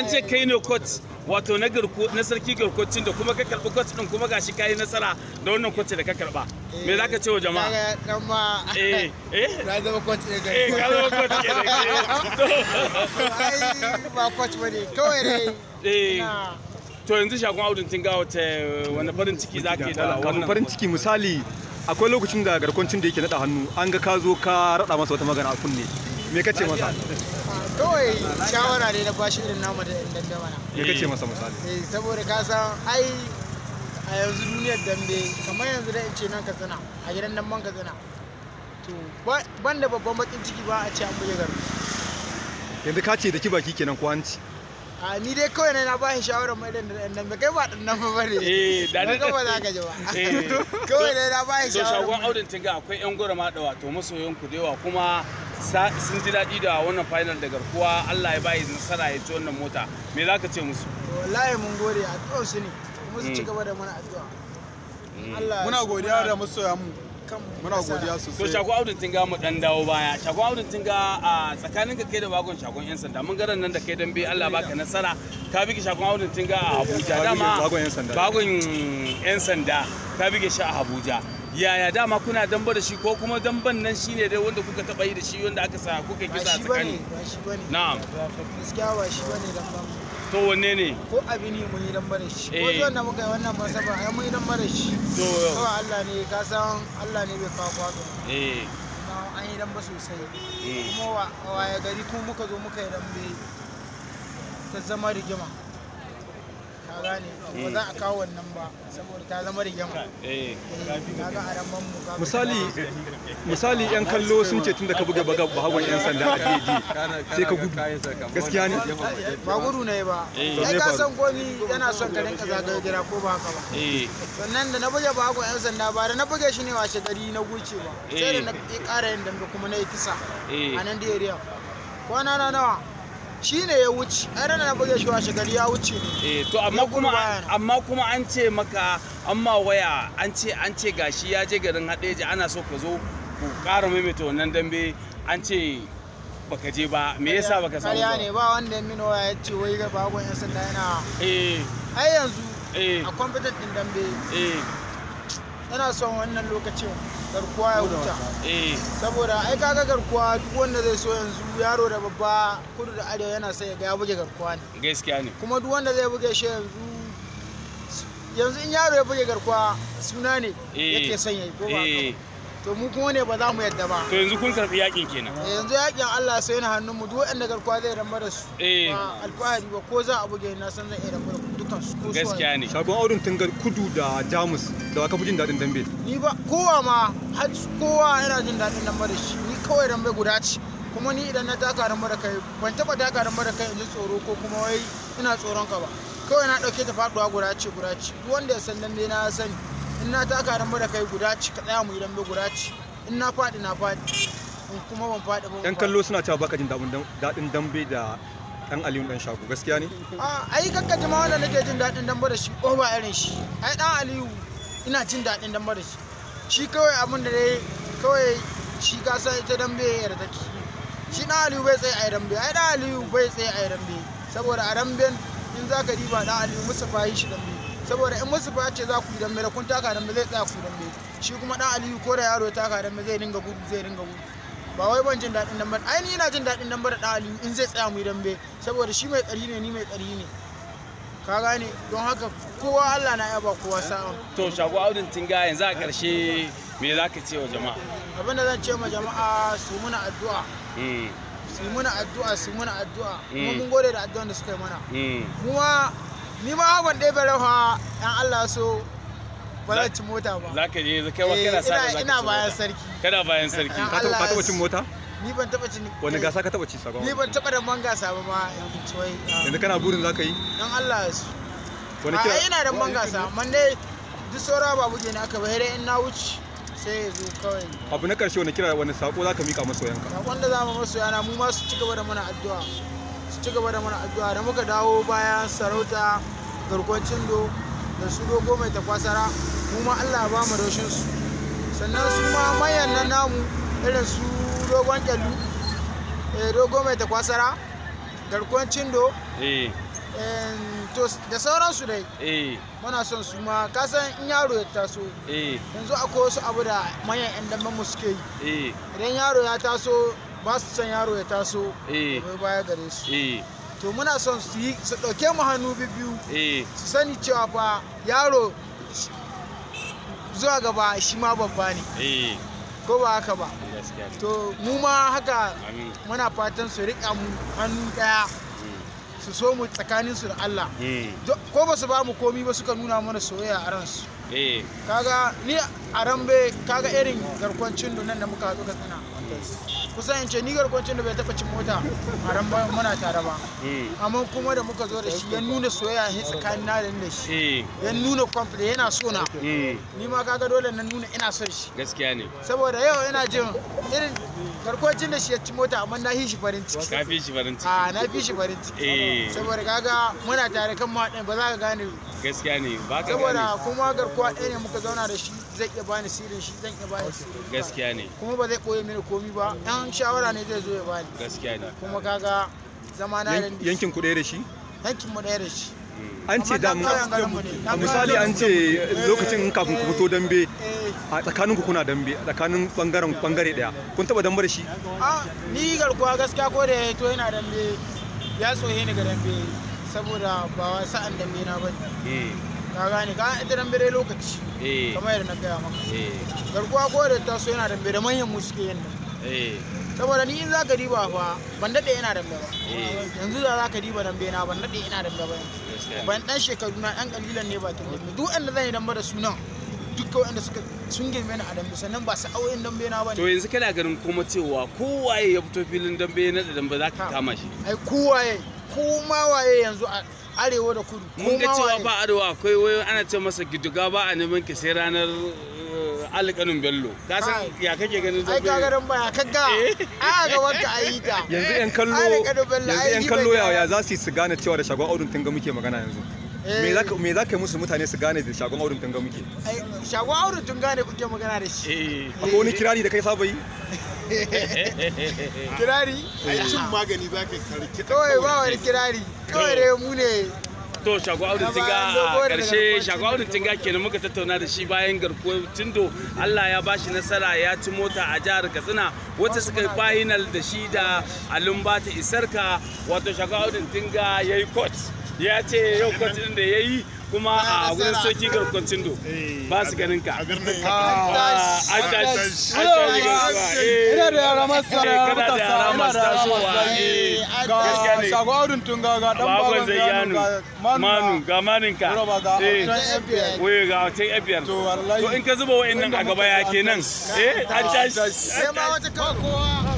an ce kai ne coach wato na garko na sarki garkocin da kuma ka karbi coach din kuma gashi kai nasara da wannan coach da ka karba me zaka ce wa eh, jama'a dan ma eh eh na zama coach ne kai eh ka zama coach ne eh, ga ba coach bane kawai dai eh to yanzu shagon audun tun ga wata wani farin ciki za yi da wannan farin ciki misali akwai lokacin da garkoncin da yake naɗa hannu an ga ka zo ka raɗa masa wata magana a kunne me ka ce masa kawai shawara ne na bashi irin namu da yan dambe mana ya kace masa misali eh saboda ka san ai a yanzu duniyar dambe kamar yanzu da in ce nan ka tsana a gidan nan man ka tsana to ban da babban bakin ciki ba a ce an buge garu yanzu ka ce da baki kenan ko hanci a ni dai kawai na ba shi shawarar mai da ɗan dambe kai ba ɗan nan ba ne eh da ne ba za ka ji ba eh. kawai na ba shi shawarar to shagon audin tinga akwai yan gura ma da wato masoyan ku da yawa kuma sun ji daɗi da wannan final da garkuwa Allah ya bayi nasara ya ci wannan mota me za ka ce musu wallahi mun gode addu'a su ne kuma mm. ci gaba da mana addu'a mm. muna godiya da masoya mu muna godiya sosai to shago audin tinga mu dan dawo baya shago audin tinga a tsakanin ka kai da wagon shagon yan sanda mun garan nan da kai dambe Allah baka nasara ka bige shagon audin tinga a Abuja dama bakon yan sanda wagon yan sanda ka bige shi a Abuja yaya dama kuna damba da shi ko kuma damban nan shine dai wanda kuka taba yi da shi wanda aka sa kuka kisa a tsakani ba shi bane na'am gaskiya ba shi bane damban to wanne ne ko abi ne mun yi damba da shi ko zuwan eh. da muka yi wannan masaba ai mun yi damba da shi to kawai Allah ne ka san Allah ne bai kawo kwazo eh an yi damba sosai eh. kuma wa ya gari kuma muka zo muka yi dambe ta zama rigima ta gane ba eh. za a kawo wannan ba saboda ta zama eh. na ga a ramban mu misali misali yan kallo sun ce tun da ka buga baga bahagon yan sanda a DD sai ka gudu gaskiya ne ba gudu ne ba sai eh. ka san ko ni yana son ka rinka zagaye gida ko ba haka ba sannan da na buga bahagon yan sanda ba da na buga shi ne washe gari na guce ba sai da na ƙara yin dambe kuma na yi kisa a nan da area kwana na nawa shi ne ya wuce ai rana na buge shi washe gari ya wuce ne eh to amma kuma amma kuma an ce maka amma waya an ce an ce gashi ya je garin hadeji ana so ka zo ku ƙara maimaita wannan dambe an ce baka je ba me yasa baka samu ba ne ba wanda ya mino ya ce wai ga bagon yan sanda yana eh ai yanzu eh. a kwamfutar din dambe eh yana son wannan lokacin garkuwa ya wuta eh. saboda ai kaga garkuwa duk wanda zai so yanzu yaro da babba kudu da arewa yana sai ga ya buge garkuwa ne gaskiya ne kuma duk wanda zai buge shi yanzu yanzu in yaro ya buge garkuwa suna ne eh. yake son yayi ko ba eh. to mu kuma ne ba za mu yadda ba to yanzu kun karbi yakin kenan yanzu yakin Allah sai na hannun mu duk wanda garkuwa zai ramba da su ba alfahari ba ko za a buge na san zai iya ramba da ku gaskiya ne shagon auren tunga kudu da jamus da waka fi jin daɗin dambe ni ba kowa ma har kowa yana jin daɗin dambe da shi ni kawai dambe guda ce kuma ni idan na taka dambe da kai ban taɓa taka dambe da kai in ji tsoro ko kuma wai ina tsoron ka ba kawai na ɗauke ta faɗuwa guda ce guda ce wanda ya san dambe na sani in na taka dambe da kai guda ce ka tsaya mu yi dambe guda ce in na faɗi na faɗi in kuma ban faɗi ba. 'Yan kallo suna cewa baka jin daɗin dambe da dan aliyu dan shaku gaskiya ne ai kakka jima wanda nake jin daɗin dambe da shi ko ba irin shi ai dan aliyu ina jin daɗin dambe da shi shi kawai abin da dai kawai shi gasa ita dambe ya yarda take shi dan aliyu bai tsaye a dambe ai dan aliyu bai tsaye a dambe saboda a damben in za ka diba dan aliyu musu yi shi dambe saboda in fayi ce za ku yi dambe da kun taka dambe zai tsaya ku yi dambe shi kuma dan aliyu ko da yaro ya taka dambe zai dinga gudu zai dinga gudu ba wai ban jin daɗin dambe ai ni ina jin daɗin dambe da dan aliyu in zai tsaya mu dan bai saboda shi mai ƙari ne ni mai ƙari ne ka gane don haka kowa Allah na yaba kowa sa'a to shago audin tinga yanzu a ƙarshe me za ka ce wa jama'a abin da zan ce wa jama'a su muna mm. addu'a su muna addu'a su muna addu'a kuma mm. mun gode da addu'an da suka yi mana kuma mm. ni ma ban ɗebe rawa ɗan Allah so ba za ci mota ba za ka je kai wa kana sa eh, ina bayan sarki kana bayan sarki ka taɓa cin mota ni ban taba cin wani gasa ka taba ci sabon ni ban taba da man gasa ba ma yanzu ah. kana burin zaka yi dan Allah wani kira ina da man gasa man ne duk saura ba buge aka ba sai in na wuce sai zo kawai abu na karshe wani kira wani sako zaka mika yanka sakon da zamu yana mu ma su ci gaba da mana addu'a su ci gaba da mana addu'a da muka dawo bayan sarauta garkon cindo da su dogo mai takwasara mu ma Allah ba mu daushin su sannan su ma mayan na namu irin su dogon kyallu eh, dogo mai takwasara garkon cindo eh. to da sauransu dai eh. muna son su ma kasan in yaro ya taso yanzu akwai wasu abu da manyan 'yan damban mu suke yi idan yaro ya taso ba su son yaro ya taso bai baya gare su to muna son su yi su ɗauke mu hannu biyu su sani cewa fa yaro zuwa gaba shi ma babba ne ko ba haka ba to mu ma haka muna fatan su riƙa mu hannu ɗaya hmm. su so mu tsakanin su da Allah hmm. ko ba su ba mu komi ba suka nuna mana soyayya a ransu eh. kaga ni a rambe kaga irin garkwancin nan da muka haɗu ka tsana kusan ce ni garkwancin da bai taba cin mota a ran muna tare ba eh. amma kuma da muka zo da shi ya nuna soyayya ne tsakanin na da shi eh. ya nuna kwamfida yana so na eh. ni ma kaga dole na nuna ina son shi gaskiya ne saboda yau ina jin irin garkwancin da shi ya ci mota amma na fi shi farin ciki ka fi shi farin ciki a na fi shi farin ciki ah, saboda kaga muna tare kan ma ba za ka gane gaskiya ne ba ka saboda kuma garkuwa ɗaya ne muka zauna da shi zai iya bani sirrin shi zan iya bani sirrin gaskiya ne kuma ba zai ɓoye mini komi ba ɗan shawara ne zai zo ya bani gaskiya ne kuma kaga zama na yankin ku ɗaya da shi yankin mu ɗaya da shi an ce da a misali an ce lokacin eh, kafin ku eh, fito dambe eh. a tsakanin ku kuna dambe a tsakanin bangaren bangare daya kun taba dambe da shi ah, ni garkuwa gaskiya ko da ya to yana dambe ya tsohe ni ga dambe saboda ba sa'an da mina ba eh. ka gane ka ita dambere lokaci eh. kamar yadda na gaya maka eh. garkuwa ko da taso yana dambe da manyan musuke yin saboda ni in za ka diba fa ban daɗe ina dambe ba yanzu da za ka diba dan na ban daɗe ina dambe ba ban ɗan shekaru na ɗan ƙalilan ne ba ta dambe duk wanda zan yi dambe da sunan duka da suka sun girme ni a dambe sannan ba sa'o'in dambe na ba ne to yanzu kana ganin kuma cewa kowaye ya fito filin dambe na da dambe za ka kama shi ai kowaye kuma waye yanzu a arewa da kudu mun ga cewa ba arewa akwai wayo ana ce masa giduga ba a neman ki sai ranar eh, alƙanun bello ka san ya kake ganin zai ai ba ya kaga eh. a ga wanka ayi ta yanzu yan kallo yanzu yan kallo ya za su su gane cewa da shagon audun tun ga muke magana yanzu eh. me za ka yi musu mutane su gane da shagon auren tunga muke shagon audun tunga ne kuke magana da shi akwai wani kirari da kai saba yi kirari a cin magani za ka karki kawai ba wani kirari kawai dai mu ne to shago audu tinga a ƙarshe shago audu tinga kenan muka tattauna da shi bayan garkuwar tindo Allah ya bashi nasara ya ci mota a jihar Katsina wacce suka final da shi da Alumbata Isarka wato shago audu tinga yayi court ya ce yau court din da yayi kuma a wurin soki garkon cindo eh, ba su ganin ka ina da yara masa da yara ga shago aurin ga dan bagon ga manin ka ga fbr eh. to in ka zuba wa'annan a gaba ya kenan eh, ah, an tashi